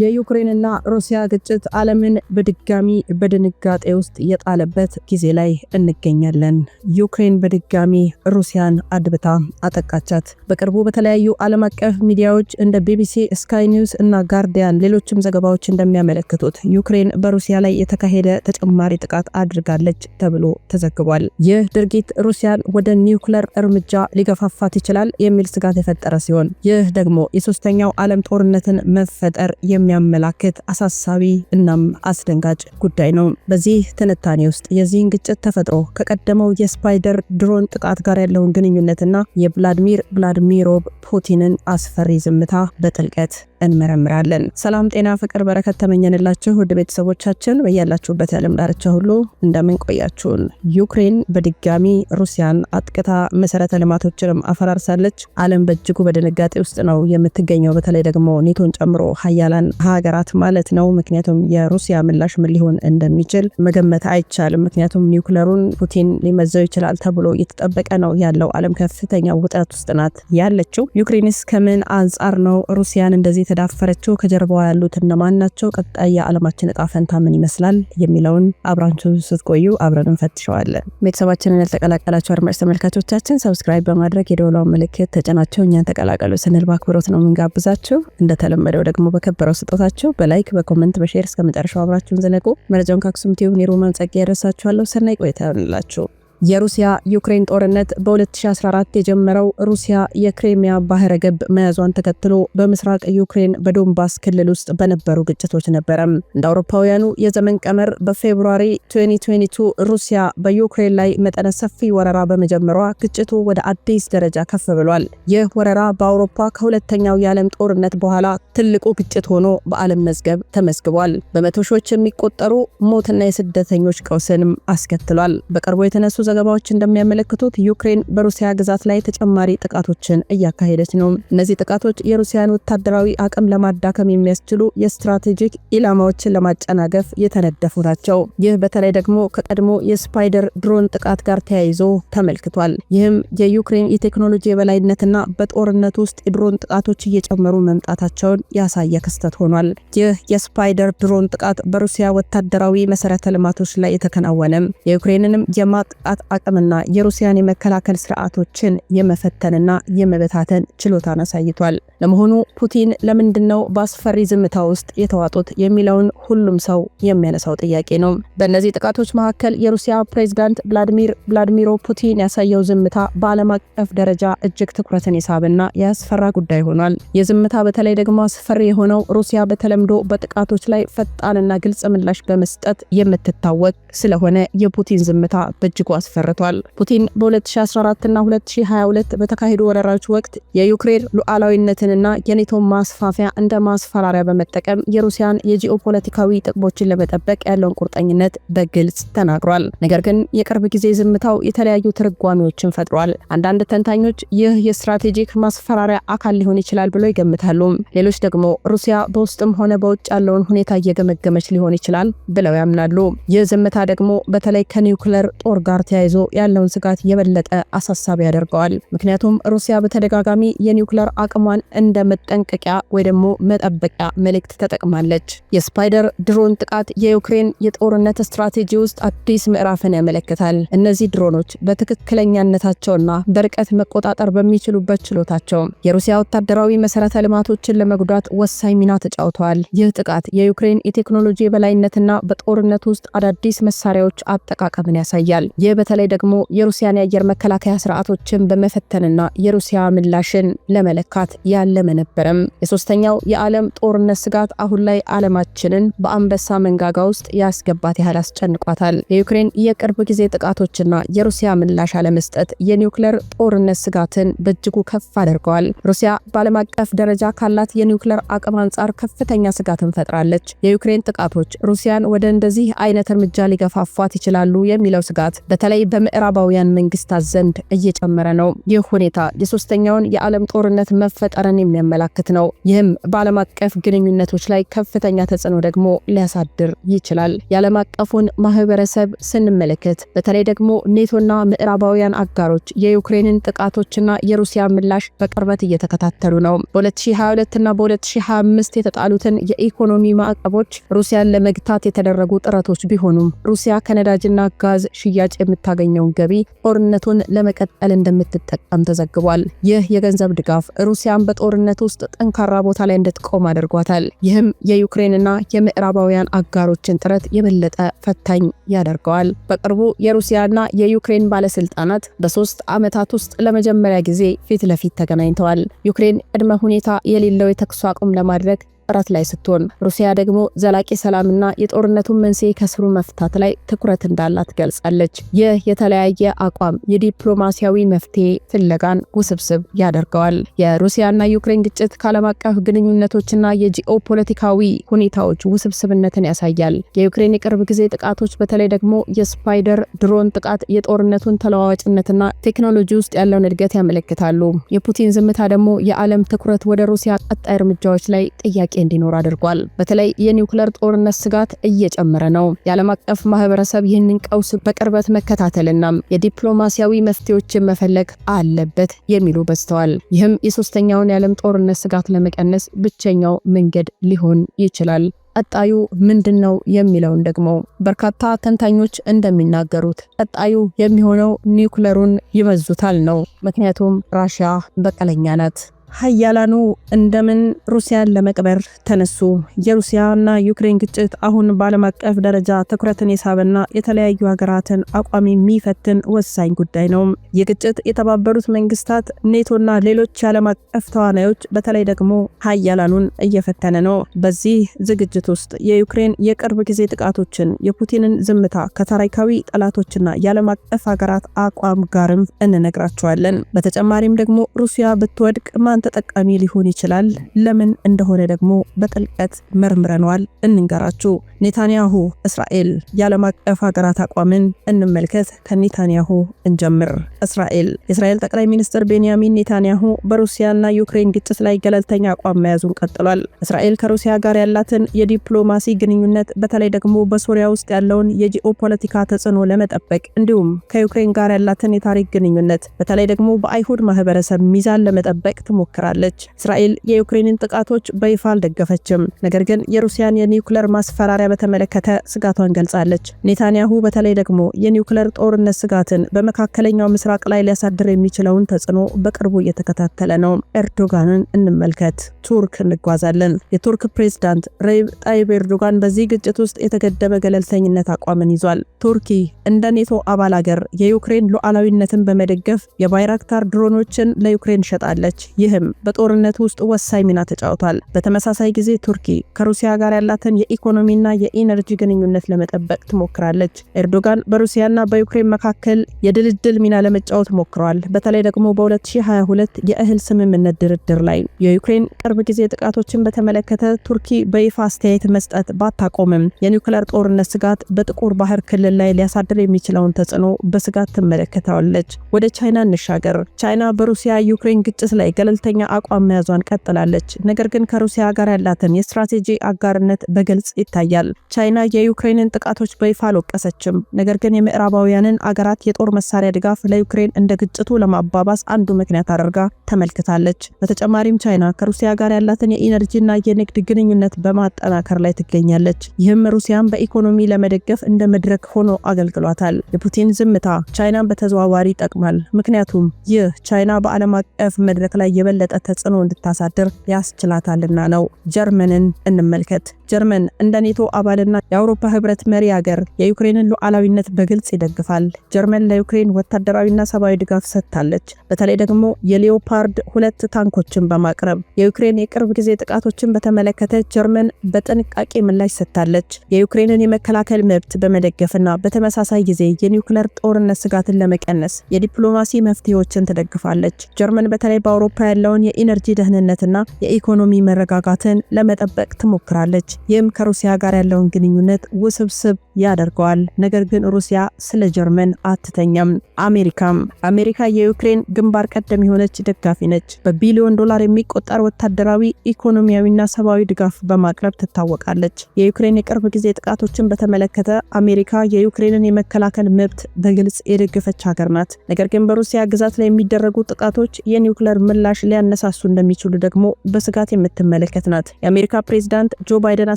የዩክሬንና ሩሲያ ግጭት ዓለምን በድጋሚ በድንጋጤ ውስጥ የጣለበት ጊዜ ላይ እንገኛለን። ዩክሬን በድጋሚ ሩሲያን አድብታ አጠቃቻት። በቅርቡ በተለያዩ ዓለም አቀፍ ሚዲያዎች እንደ ቢቢሲ፣ ስካይ ኒውስ እና ጋርዲያን ሌሎችም ዘገባዎች እንደሚያመለክቱት ዩክሬን በሩሲያ ላይ የተካሄደ ተጨማሪ ጥቃት አድርጋለች ተብሎ ተዘግቧል። ይህ ድርጊት ሩሲያን ወደ ኒውክለር እርምጃ ሊገፋፋት ይችላል የሚል ስጋት የፈጠረ ሲሆን ይህ ደግሞ የሶስተኛው ዓለም ጦርነትን መፈጠር የሚ የሚያመላክት አሳሳቢ እናም አስደንጋጭ ጉዳይ ነው። በዚህ ትንታኔ ውስጥ የዚህን ግጭት ተፈጥሮ ከቀደመው የስፓይደር ድሮን ጥቃት ጋር ያለውን ግንኙነትና የቭላድሚር ቭላድሚሮቭ ፑቲንን አስፈሪ ዝምታ በጥልቀት እንመረምራለን። ሰላም፣ ጤና፣ ፍቅር፣ በረከት ተመኘንላችሁ ውድ ቤተሰቦቻችን በያላችሁበት የዓለም ዳርቻ ሁሉ እንደምን ቆያችሁን። ዩክሬን በድጋሚ ሩሲያን አጥቅታ መሰረተ ልማቶችንም አፈራርሳለች። ዓለም በእጅጉ በድንጋጤ ውስጥ ነው የምትገኘው። በተለይ ደግሞ ኔቶን ጨምሮ ሀያላን ሀገራት ማለት ነው። ምክንያቱም የሩሲያ ምላሽ ምን ሊሆን እንደሚችል መገመት አይቻልም። ምክንያቱም ኒውክለሩን ፑቲን ሊመዘው ይችላል ተብሎ እየተጠበቀ ነው ያለው። ዓለም ከፍተኛ ውጥረት ውስጥ ናት ያለችው። ዩክሬንስ ከምን አንጻር ነው ሩሲያን እንደዚህ የተዳፈረችው ከጀርባዋ ያሉት እነማን ናቸው? ቀጣይ የዓለማችን እጣ ፈንታ ምን ይመስላል? የሚለውን አብራንቹ ስትቆዩ አብረን እንፈትሸዋለን። ቤተሰባችንን ያልተቀላቀላቸው አድማጭ ተመልካቾቻችን ሰብስክራይብ በማድረግ የደወላውን ምልክት ተጭናቸው እኛን ተቀላቀሉ ስንል በአክብሮት ነው የምንጋብዛችሁ። እንደተለመደው ደግሞ በከበረው ስጦታችሁ በላይክ በኮመንት በሼር እስከ መጨረሻው አብራችሁን ዘነቁ። መረጃውን ከአክሱም ቲዩብ ኔሮማን ጸጋ ያደረሳችኋለሁ። ሰናይ ቆይታ ይሆንላችሁ። የሩሲያ ዩክሬን ጦርነት በ2014 የጀመረው ሩሲያ የክሬሚያ ባህረ ገብ መያዟን ተከትሎ በምስራቅ ዩክሬን በዶንባስ ክልል ውስጥ በነበሩ ግጭቶች ነበረ። እንደ አውሮፓውያኑ የዘመን ቀመር በፌብሩዋሪ 2022 ሩሲያ በዩክሬን ላይ መጠነ ሰፊ ወረራ በመጀመሯ ግጭቱ ወደ አዲስ ደረጃ ከፍ ብሏል። ይህ ወረራ በአውሮፓ ከሁለተኛው የዓለም ጦርነት በኋላ ትልቁ ግጭት ሆኖ በዓለም መዝገብ ተመዝግቧል። በመቶ ሺዎች የሚቆጠሩ ሞትና የስደተኞች ቀውስንም አስከትሏል። በቅርቡ የተነሱ ዘገባዎች እንደሚያመለክቱት ዩክሬን በሩሲያ ግዛት ላይ ተጨማሪ ጥቃቶችን እያካሄደች ነው። እነዚህ ጥቃቶች የሩሲያን ወታደራዊ አቅም ለማዳከም የሚያስችሉ የስትራቴጂክ ኢላማዎችን ለማጨናገፍ የተነደፉ ናቸው። ይህ በተለይ ደግሞ ከቀድሞ የስፓይደር ድሮን ጥቃት ጋር ተያይዞ ተመልክቷል። ይህም የዩክሬን የቴክኖሎጂ የበላይነትና በጦርነት ውስጥ የድሮን ጥቃቶች እየጨመሩ መምጣታቸውን ያሳየ ክስተት ሆኗል። ይህ የስፓይደር ድሮን ጥቃት በሩሲያ ወታደራዊ መሰረተ ልማቶች ላይ የተከናወነም የዩክሬንንም የማጥቃት አቅምና የሩሲያን የመከላከል ስርዓቶችን የመፈተንና የመበታተን ችሎታን አሳይቷል። ለመሆኑ ፑቲን ለምንድን ነው በአስፈሪ ዝምታ ውስጥ የተዋጡት የሚለውን ሁሉም ሰው የሚያነሳው ጥያቄ ነው። በእነዚህ ጥቃቶች መካከል የሩሲያ ፕሬዚዳንት ቭላዲሚር ቭላዲሚሮ ፑቲን ያሳየው ዝምታ በዓለም አቀፍ ደረጃ እጅግ ትኩረትን የሳበና ያስፈራ ጉዳይ ሆኗል። የዝምታ በተለይ ደግሞ አስፈሪ የሆነው ሩሲያ በተለምዶ በጥቃቶች ላይ ፈጣንና ግልጽ ምላሽ በመስጠት የምትታወቅ ስለሆነ የፑቲን ዝምታ በእጅጉ አስፈርቷል። ፑቲን በ2014 እና 2022 በተካሄዱ ወረራዎች ወቅት የዩክሬን ሉዓላዊነትንና የኔቶን ማስፋፊያ እንደ ማስፈራሪያ በመጠቀም የሩሲያን የጂኦፖለቲካዊ ጥቅሞችን ለመጠበቅ ያለውን ቁርጠኝነት በግልጽ ተናግሯል። ነገር ግን የቅርብ ጊዜ ዝምታው የተለያዩ ትርጓሜዎችን ፈጥሯል። አንዳንድ ተንታኞች ይህ የስትራቴጂክ ማስፈራሪያ አካል ሊሆን ይችላል ብሎ ይገምታሉ። ሌሎች ደግሞ ሩሲያ በውስጥም ሆነ በውጭ ያለውን ሁኔታ እየገመገመች ሊሆን ይችላል ብለው ያምናሉ። ይህ ዝምታ ደግሞ በተለይ ከኒውክለር ጦር ጋር ተያይዞ ያለውን ስጋት የበለጠ አሳሳቢ ያደርገዋል። ምክንያቱም ሩሲያ በተደጋጋሚ የኒውክለር አቅሟን እንደ መጠንቀቂያ ወይ ደግሞ መጠበቂያ መልእክት ተጠቅማለች። የስፓይደር ድሮን ጥቃት የዩክሬን የጦርነት ስትራቴጂ ውስጥ አዲስ ምዕራፍን ያመለክታል። እነዚህ ድሮኖች በትክክለኛነታቸውና በርቀት መቆጣጠር በሚችሉበት ችሎታቸው የሩሲያ ወታደራዊ መሰረተ ልማቶችን ለመጉዳት ወሳኝ ሚና ተጫውተዋል። ይህ ጥቃት የዩክሬን የቴክኖሎጂ የበላይነትና በጦርነት ውስጥ አዳዲስ መሳሪያዎች አጠቃቀምን ያሳያል። በተለይ ደግሞ የሩሲያን የአየር መከላከያ ስርዓቶችን በመፈተንና የሩሲያ ምላሽን ለመለካት ያለመ ነበረም። የሶስተኛው የዓለም ጦርነት ስጋት አሁን ላይ ዓለማችንን በአንበሳ መንጋጋ ውስጥ ያስገባት ያህል አስጨንቋታል። የዩክሬን የቅርብ ጊዜ ጥቃቶችና የሩሲያ ምላሽ አለመስጠት የኒውክለር ጦርነት ስጋትን በእጅጉ ከፍ አድርገዋል። ሩሲያ በዓለም አቀፍ ደረጃ ካላት የኒውክለር አቅም አንጻር ከፍተኛ ስጋትን ፈጥራለች። የዩክሬን ጥቃቶች ሩሲያን ወደ እንደዚህ አይነት እርምጃ ሊገፋፏት ይችላሉ የሚለው ስጋት በተለ በተለይ በምዕራባውያን መንግስታት ዘንድ እየጨመረ ነው። ይህ ሁኔታ የሶስተኛውን የዓለም ጦርነት መፈጠርን የሚያመላክት ነው። ይህም በዓለም አቀፍ ግንኙነቶች ላይ ከፍተኛ ተጽዕኖ ደግሞ ሊያሳድር ይችላል። የዓለም አቀፉን ማህበረሰብ ስንመለከት በተለይ ደግሞ ኔቶና ምዕራባውያን አጋሮች የዩክሬንን ጥቃቶችና የሩሲያ ምላሽ በቅርበት እየተከታተሉ ነው። በ2022 እና በ2025 የተጣሉትን የኢኮኖሚ ማዕቀቦች ሩሲያን ለመግታት የተደረጉ ጥረቶች ቢሆኑም ሩሲያ ከነዳጅና ጋዝ ሽያጭ የምት የምታገኘውን ገቢ ጦርነቱን ለመቀጠል እንደምትጠቀም ተዘግቧል። ይህ የገንዘብ ድጋፍ ሩሲያን በጦርነት ውስጥ ጠንካራ ቦታ ላይ እንድትቆም አድርጓታል። ይህም የዩክሬንና የምዕራባውያን አጋሮችን ጥረት የበለጠ ፈታኝ ያደርገዋል። በቅርቡ የሩሲያና የዩክሬን ባለስልጣናት በሶስት ዓመታት ውስጥ ለመጀመሪያ ጊዜ ፊት ለፊት ተገናኝተዋል። ዩክሬን ቅድመ ሁኔታ የሌለው የተኩስ አቁም ለማድረግ ጥረት ላይ ስትሆን፣ ሩሲያ ደግሞ ዘላቂ ሰላምና የጦርነቱን መንስኤ ከስሩ መፍታት ላይ ትኩረት እንዳላት ገልጻለች። ይህ የተለያየ አቋም የዲፕሎማሲያዊ መፍትሄ ፍለጋን ውስብስብ ያደርገዋል። የሩሲያና ዩክሬን ግጭት ከዓለም አቀፍ ግንኙነቶችና የጂኦ ፖለቲካዊ ሁኔታዎች ውስብስብነትን ያሳያል። የዩክሬን የቅርብ ጊዜ ጥቃቶች በተለይ ደግሞ የስፓይደር ድሮን ጥቃት የጦርነቱን ተለዋዋጭነትና ቴክኖሎጂ ውስጥ ያለውን እድገት ያመለክታሉ። የፑቲን ዝምታ ደግሞ የዓለም ትኩረት ወደ ሩሲያ ቀጣይ እርምጃዎች ላይ ጥያቄ ጥያቄ እንዲኖር አድርጓል። በተለይ የኒውክለር ጦርነት ስጋት እየጨመረ ነው። የዓለም አቀፍ ማህበረሰብ ይህንን ቀውስ በቅርበት መከታተልና የዲፕሎማሲያዊ መፍትሄዎችን መፈለግ አለበት የሚሉ በዝተዋል። ይህም የሶስተኛውን የዓለም ጦርነት ስጋት ለመቀነስ ብቸኛው መንገድ ሊሆን ይችላል። ቀጣዩ ምንድን ነው የሚለውን ደግሞ በርካታ ተንታኞች እንደሚናገሩት ቀጣዩ የሚሆነው ኒውክለሩን ይመዙታል ነው። ምክንያቱም ራሽያ በቀለኛ ናት። ሀያላኑ እንደምን ሩሲያን ለመቅበር ተነሱ? የሩሲያና ዩክሬን ግጭት አሁን በዓለም አቀፍ ደረጃ ትኩረትን የሳበና የተለያዩ ሀገራትን አቋም የሚፈትን ወሳኝ ጉዳይ ነው። ይህ ግጭት የተባበሩት መንግስታት፣ ኔቶና ሌሎች የዓለም አቀፍ ተዋናዮች በተለይ ደግሞ ሀያላኑን እየፈተነ ነው። በዚህ ዝግጅት ውስጥ የዩክሬን የቅርብ ጊዜ ጥቃቶችን፣ የፑቲንን ዝምታ ከታሪካዊ ጠላቶችና የዓለም አቀፍ ሀገራት አቋም ጋርም እንነግራቸዋለን። በተጨማሪም ደግሞ ሩሲያ ብትወድቅ ማን ብዙሃን ተጠቃሚ ሊሆን ይችላል። ለምን እንደሆነ ደግሞ በጥልቀት መርምረነዋል እንንገራችሁ። ኔታንያሁ እስራኤል የዓለም አቀፍ ሀገራት አቋምን እንመልከት። ከኔታንያሁ እንጀምር። እስራኤል የእስራኤል ጠቅላይ ሚኒስትር ቤንያሚን ኔታንያሁ በሩሲያና ዩክሬን ግጭት ላይ ገለልተኛ አቋም መያዙን ቀጥሏል። እስራኤል ከሩሲያ ጋር ያላትን የዲፕሎማሲ ግንኙነት በተለይ ደግሞ በሶሪያ ውስጥ ያለውን የጂኦፖለቲካ ተጽዕኖ ለመጠበቅ እንዲሁም ከዩክሬን ጋር ያላትን የታሪክ ግንኙነት በተለይ ደግሞ በአይሁድ ማህበረሰብ ሚዛን ለመጠበቅ ትሞክ ትከራከራለች። እስራኤል የዩክሬንን ጥቃቶች በይፋ አልደገፈችም። ነገር ግን የሩሲያን የኒውክለር ማስፈራሪያ በተመለከተ ስጋቷን ገልጻለች። ኔታንያሁ በተለይ ደግሞ የኒውክለር ጦርነት ስጋትን በመካከለኛው ምስራቅ ላይ ሊያሳድር የሚችለውን ተጽዕኖ በቅርቡ እየተከታተለ ነው። ኤርዶጋንን እንመልከት። ቱርክ እንጓዛለን። የቱርክ ፕሬዝዳንት ረይብ ጣይብ ኤርዶጋን በዚህ ግጭት ውስጥ የተገደበ ገለልተኝነት አቋምን ይዟል። ቱርኪ እንደ ኔቶ አባል አገር የዩክሬን ሉዓላዊነትን በመደገፍ የባይራክታር ድሮኖችን ለዩክሬን ሸጣለች። ይህም ሀገርም በጦርነት ውስጥ ወሳኝ ሚና ተጫውቷል። በተመሳሳይ ጊዜ ቱርኪ ከሩሲያ ጋር ያላትን የኢኮኖሚና የኢነርጂ ግንኙነት ለመጠበቅ ትሞክራለች። ኤርዶጋን በሩሲያና በዩክሬን መካከል የድልድል ሚና ለመጫወት ሞክረዋል። በተለይ ደግሞ በ2022 የእህል ስምምነት ድርድር ላይ የዩክሬን ቅርብ ጊዜ ጥቃቶችን በተመለከተ ቱርኪ በይፋ አስተያየት መስጠት ባታቆምም የኒውክለር ጦርነት ስጋት በጥቁር ባህር ክልል ላይ ሊያሳድር የሚችለውን ተጽዕኖ በስጋት ትመለከተዋለች። ወደ ቻይና እንሻገር። ቻይና በሩሲያ ዩክሬን ግጭት ላይ ገለልተ ቀጥተኛ አቋም መያዟን ቀጥላለች። ነገር ግን ከሩሲያ ጋር ያላትን የስትራቴጂ አጋርነት በግልጽ ይታያል። ቻይና የዩክሬንን ጥቃቶች በይፋ አልወቀሰችም። ነገር ግን የምዕራባውያንን አገራት የጦር መሳሪያ ድጋፍ ለዩክሬን እንደ ግጭቱ ለማባባስ አንዱ ምክንያት አድርጋ ተመልክታለች። በተጨማሪም ቻይና ከሩሲያ ጋር ያላትን የኢነርጂና የንግድ ግንኙነት በማጠናከር ላይ ትገኛለች። ይህም ሩሲያን በኢኮኖሚ ለመደገፍ እንደ መድረክ ሆኖ አገልግሏታል። የፑቲን ዝምታ ቻይናን በተዘዋዋሪ ይጠቅማል። ምክንያቱም ይህ ቻይና በዓለም አቀፍ መድረክ ላይ የበለ የበለጠ ተጽዕኖ እንድታሳድር ያስችላታልና ነው። ጀርመንን እንመልከት። ጀርመን እንደ ኔቶ አባልና የአውሮፓ ህብረት መሪ ሀገር የዩክሬንን ሉዓላዊነት በግልጽ ይደግፋል። ጀርመን ለዩክሬን ወታደራዊና ሰብአዊ ድጋፍ ሰጥታለች። በተለይ ደግሞ የሌዮፓርድ ሁለት ታንኮችን በማቅረብ የዩክሬን የቅርብ ጊዜ ጥቃቶችን በተመለከተ ጀርመን በጥንቃቄ ምላሽ ሰጥታለች። የዩክሬንን የመከላከል መብት በመደገፍና በተመሳሳይ ጊዜ የኒውክለር ጦርነት ስጋትን ለመቀነስ የዲፕሎማሲ መፍትሄዎችን ትደግፋለች። ጀርመን በተለይ በአውሮፓ ያለውን የኢነርጂ ደህንነትና የኢኮኖሚ መረጋጋትን ለመጠበቅ ትሞክራለች። ይህም ከሩሲያ ጋር ያለውን ግንኙነት ውስብስብ ያደርገዋል። ነገር ግን ሩሲያ ስለ ጀርመን አትተኛም። አሜሪካም አሜሪካ የዩክሬን ግንባር ቀደም የሆነች ደጋፊ ነች። በቢሊዮን ዶላር የሚቆጠር ወታደራዊ፣ ኢኮኖሚያዊና ሰብአዊ ድጋፍ በማቅረብ ትታወቃለች። የዩክሬን የቅርብ ጊዜ ጥቃቶችን በተመለከተ አሜሪካ የዩክሬንን የመከላከል መብት በግልጽ የደገፈች ሀገር ናት። ነገር ግን በሩሲያ ግዛት ላይ የሚደረጉ ጥቃቶች የኒውክለር ምላሽ ሊያነሳሱ እንደሚችሉ ደግሞ በስጋት የምትመለከት ናት። የአሜሪካ ፕሬዚዳንት ጆ ባይደን የባይደን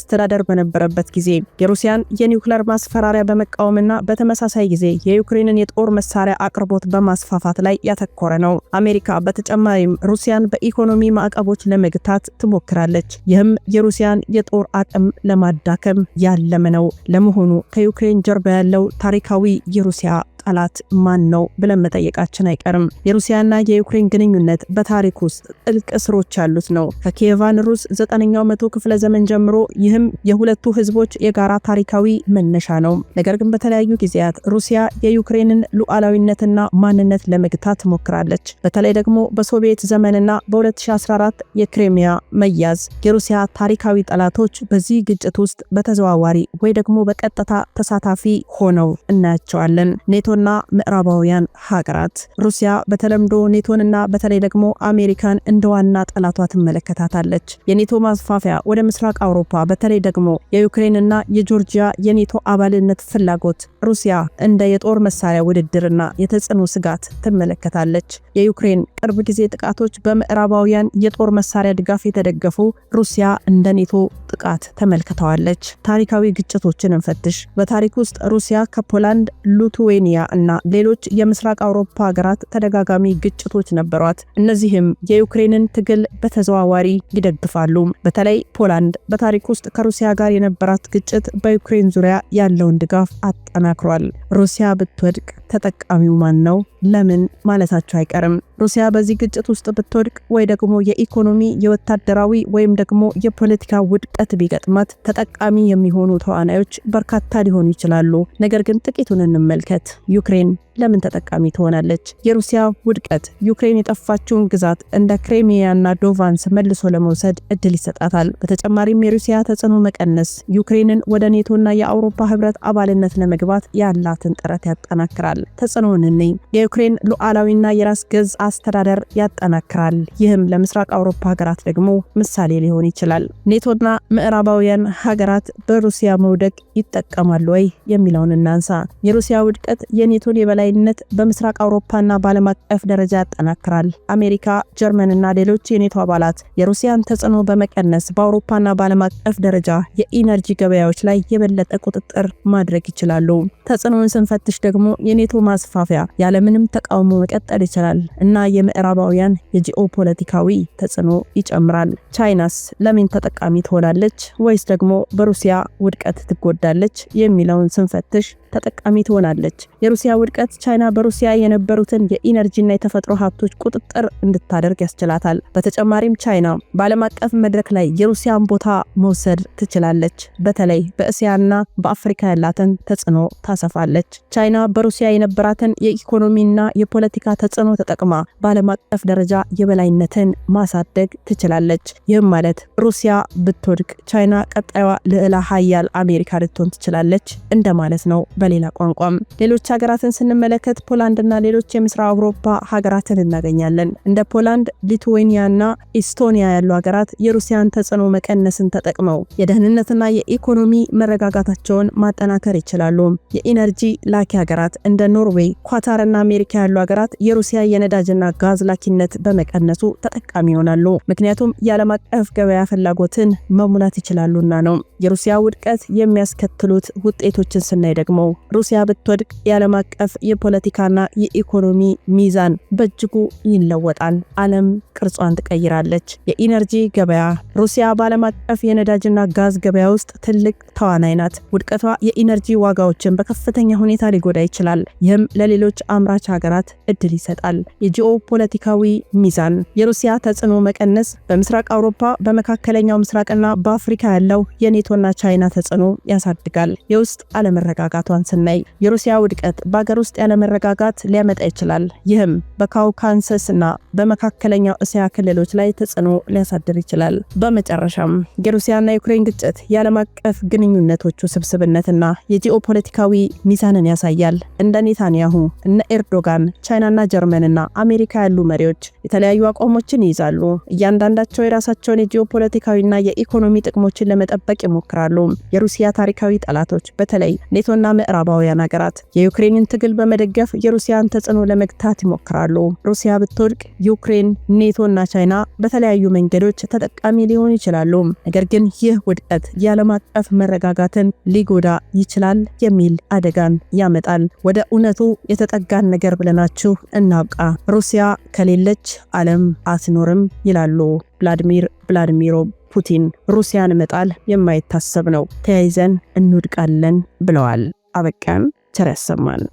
አስተዳደር በነበረበት ጊዜ የሩሲያን የኒውክለር ማስፈራሪያ በመቃወምና በተመሳሳይ ጊዜ የዩክሬንን የጦር መሳሪያ አቅርቦት በማስፋፋት ላይ ያተኮረ ነው። አሜሪካ በተጨማሪም ሩሲያን በኢኮኖሚ ማዕቀቦች ለመግታት ትሞክራለች። ይህም የሩሲያን የጦር አቅም ለማዳከም ያለመ ነው። ለመሆኑ ከዩክሬን ጀርባ ያለው ታሪካዊ የሩሲያ ጠላት ማን ነው ብለን መጠየቃችን አይቀርም። የሩሲያና የዩክሬን ግንኙነት በታሪክ ውስጥ ጥልቅ ስሮች ያሉት ነው። ከኪየቫን ሩስ ዘጠነኛው መቶ ክፍለ ዘመን ጀምሮ ይህም የሁለቱ ህዝቦች የጋራ ታሪካዊ መነሻ ነው። ነገር ግን በተለያዩ ጊዜያት ሩሲያ የዩክሬንን ሉዓላዊነትና ማንነት ለመግታት ሞክራለች። በተለይ ደግሞ በሶቪየት ዘመንና በ2014 የክሬሚያ መያዝ የሩሲያ ታሪካዊ ጠላቶች በዚህ ግጭት ውስጥ በተዘዋዋሪ ወይ ደግሞ በቀጥታ ተሳታፊ ሆነው እናያቸዋለን። ኔቶ ኔቶና ምዕራባውያን ሀገራት ሩሲያ በተለምዶ ኔቶንና በተለይ ደግሞ አሜሪካን እንደ ዋና ጠላቷ ትመለከታታለች። የኔቶ ማስፋፊያ ወደ ምስራቅ አውሮፓ በተለይ ደግሞ የዩክሬንና የጆርጂያ የኔቶ አባልነት ፍላጎት ሩሲያ እንደ የጦር መሳሪያ ውድድርና የተጽዕኖ ስጋት ትመለከታለች። የዩክሬን ቅርብ ጊዜ ጥቃቶች በምዕራባውያን የጦር መሳሪያ ድጋፍ የተደገፉ ሩሲያ እንደ ኔቶ ጥቃት ተመልክተዋለች። ታሪካዊ ግጭቶችን እንፈትሽ። በታሪክ ውስጥ ሩሲያ ከፖላንድ፣ ሊቱዌኒያ እና ሌሎች የምስራቅ አውሮፓ ሀገራት ተደጋጋሚ ግጭቶች ነበሯት። እነዚህም የዩክሬንን ትግል በተዘዋዋሪ ይደግፋሉ። በተለይ ፖላንድ በታሪክ ውስጥ ከሩሲያ ጋር የነበራት ግጭት በዩክሬን ዙሪያ ያለውን ድጋፍ አጠናክሯል። ሩሲያ ብትወድቅ ተጠቃሚው ማን ነው ለምን ማለታቸው አይቀርም። ሩሲያ በዚህ ግጭት ውስጥ ብትወድቅ ወይ ደግሞ የኢኮኖሚ የወታደራዊ ወይም ደግሞ የፖለቲካ ውድቀት ቢገጥማት ተጠቃሚ የሚሆኑ ተዋናዮች በርካታ ሊሆኑ ይችላሉ። ነገር ግን ጥቂቱን እንመልከት። ዩክሬን ለምን ተጠቃሚ ትሆናለች? የሩሲያ ውድቀት ዩክሬን የጠፋችውን ግዛት እንደ ክሬሚያና ዶቫንስ መልሶ ለመውሰድ እድል ይሰጣታል። በተጨማሪም የሩሲያ ተጽዕኖ መቀነስ ዩክሬንን ወደ ኔቶና የአውሮፓ ህብረት አባልነት ለመግባት ያላትን ጥረት ያጠናክራል። ተጽዕኖውን እነኝ የዩክሬን ሉዓላዊና የራስ ገዝ አስተዳደር ያጠናክራል። ይህም ለምስራቅ አውሮፓ ሀገራት ደግሞ ምሳሌ ሊሆን ይችላል። ኔቶና ምዕራባውያን ሀገራት በሩሲያ መውደቅ ይጠቀማሉ ወይ የሚለውን እናንሳ። የሩሲያ ውድቀት የኔቶን የበላይ የበላይነት በምስራቅ አውሮፓና በዓለም አቀፍ ደረጃ ያጠናክራል። አሜሪካ፣ ጀርመንና ሌሎች የኔቶ አባላት የሩሲያን ተጽዕኖ በመቀነስ በአውሮፓና በዓለም አቀፍ ደረጃ የኢነርጂ ገበያዎች ላይ የበለጠ ቁጥጥር ማድረግ ይችላሉ። ተጽዕኖውን ስንፈትሽ ደግሞ የኔቶ ማስፋፊያ ያለምንም ተቃውሞ መቀጠል ይችላል እና የምዕራባውያን የጂኦፖለቲካዊ ተጽዕኖ ይጨምራል። ቻይናስ ለምን ተጠቃሚ ትሆናለች ወይስ ደግሞ በሩሲያ ውድቀት ትጎዳለች የሚለውን ስንፈትሽ ተጠቃሚ ትሆናለች። የሩሲያ ውድቀት ቻይና በሩሲያ የነበሩትን የኢነርጂና የተፈጥሮ ሀብቶች ቁጥጥር እንድታደርግ ያስችላታል። በተጨማሪም ቻይና በዓለም አቀፍ መድረክ ላይ የሩሲያን ቦታ መውሰድ ትችላለች። በተለይ በእስያና በአፍሪካ ያላትን ተጽዕኖ ታሰፋለች። ቻይና በሩሲያ የነበራትን የኢኮኖሚና የፖለቲካ ተጽዕኖ ተጠቅማ በዓለም አቀፍ ደረጃ የበላይነትን ማሳደግ ትችላለች። ይህም ማለት ሩሲያ ብትወድቅ ቻይና ቀጣዩዋ ልዕለ ሀያል አሜሪካ ልትሆን ትችላለች እንደማለት ነው። በሌላ ቋንቋም ሌሎች ሀገራትን ስንመለከት ፖላንድና ሌሎች የምስራቅ አውሮፓ ሀገራትን እናገኛለን። እንደ ፖላንድ፣ ሊትዌኒያና ኢስቶኒያ ያሉ ሀገራት የሩሲያን ተጽዕኖ መቀነስን ተጠቅመው የደህንነትና የኢኮኖሚ መረጋጋታቸውን ማጠናከር ይችላሉ። የኢነርጂ ላኪ ሀገራት እንደ ኖርዌይ፣ ኳታርና አሜሪካ ያሉ ሀገራት የሩሲያ የነዳጅና ጋዝ ላኪነት በመቀነሱ ተጠቃሚ ይሆናሉ። ምክንያቱም የዓለም አቀፍ ገበያ ፍላጎትን መሙላት ይችላሉና ነው። የሩሲያ ውድቀት የሚያስከትሉት ውጤቶችን ስናይ ደግሞ ሩሲያ ብትወድቅ የዓለም አቀፍ የፖለቲካና የኢኮኖሚ ሚዛን በእጅጉ ይለወጣል። ዓለም ቅርጿን ትቀይራለች። የኢነርጂ ገበያ ሩሲያ በዓለም አቀፍ የነዳጅና ጋዝ ገበያ ውስጥ ትልቅ ተዋናይ ናት። ውድቀቷ የኢነርጂ ዋጋዎችን በከፍተኛ ሁኔታ ሊጎዳ ይችላል። ይህም ለሌሎች አምራች ሀገራት እድል ይሰጣል። የጂኦ ፖለቲካዊ ሚዛን የሩሲያ ተጽዕኖ መቀነስ በምስራቅ አውሮፓ፣ በመካከለኛው ምስራቅና በአፍሪካ ያለው የኔቶና ቻይና ተጽዕኖ ያሳድጋል። የውስጥ አለመረጋጋቷ መምጣቷን ስናይ የሩሲያ ውድቀት በአገር ውስጥ ያለመረጋጋት ሊያመጣ ይችላል። ይህም በካውካንሰስ እና በመካከለኛው እስያ ክልሎች ላይ ተጽዕኖ ሊያሳድር ይችላል። በመጨረሻም የሩሲያና ዩክሬን ግጭት የዓለም አቀፍ ግንኙነቶቹ ስብስብነትና የጂኦፖለቲካዊ ሚዛንን ያሳያል። እንደ ኔታንያሁ እነ ኤርዶጋን፣ ቻይናና ጀርመንና አሜሪካ ያሉ መሪዎች የተለያዩ አቋሞችን ይይዛሉ። እያንዳንዳቸው የራሳቸውን የጂኦፖለቲካዊና የኢኮኖሚ ጥቅሞችን ለመጠበቅ ይሞክራሉ። የሩሲያ ታሪካዊ ጠላቶች በተለይ ኔቶና ምዕራባውያን ሀገራት የዩክሬንን ትግል በመደገፍ የሩሲያን ተጽዕኖ ለመግታት ይሞክራሉ። ሩሲያ ብትወድቅ ዩክሬን፣ ኔቶ እና ቻይና በተለያዩ መንገዶች ተጠቃሚ ሊሆኑ ይችላሉ። ነገር ግን ይህ ውድቀት የዓለም አቀፍ መረጋጋትን ሊጎዳ ይችላል የሚል አደጋን ያመጣል። ወደ እውነቱ የተጠጋን ነገር ብለናችሁ እናብቃ። ሩሲያ ከሌለች ዓለም አትኖርም ይላሉ ቭላድሚር ቭላድሚሮ ፑቲን። ሩሲያን መጣል የማይታሰብ ነው፣ ተያይዘን እንውድቃለን ብለዋል። አበቃን። ቸር ያሰማን።